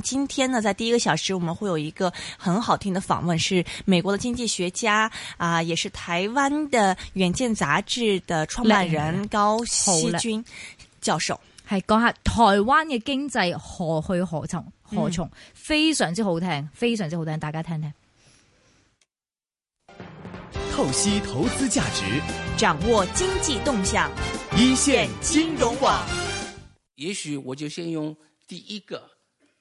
今天呢，在第一個小時，我們會有一個很好聽的訪問，是美國的經濟學家啊、呃，也是台灣的《遠見》雜誌的創辦人高希均教授，係講下台灣嘅經濟何去何從？何從、嗯、非常之好聽，非常之好聽，大家聽聽。透析投資價值，掌握經濟動向，一線金融網。也許我就先用第一個。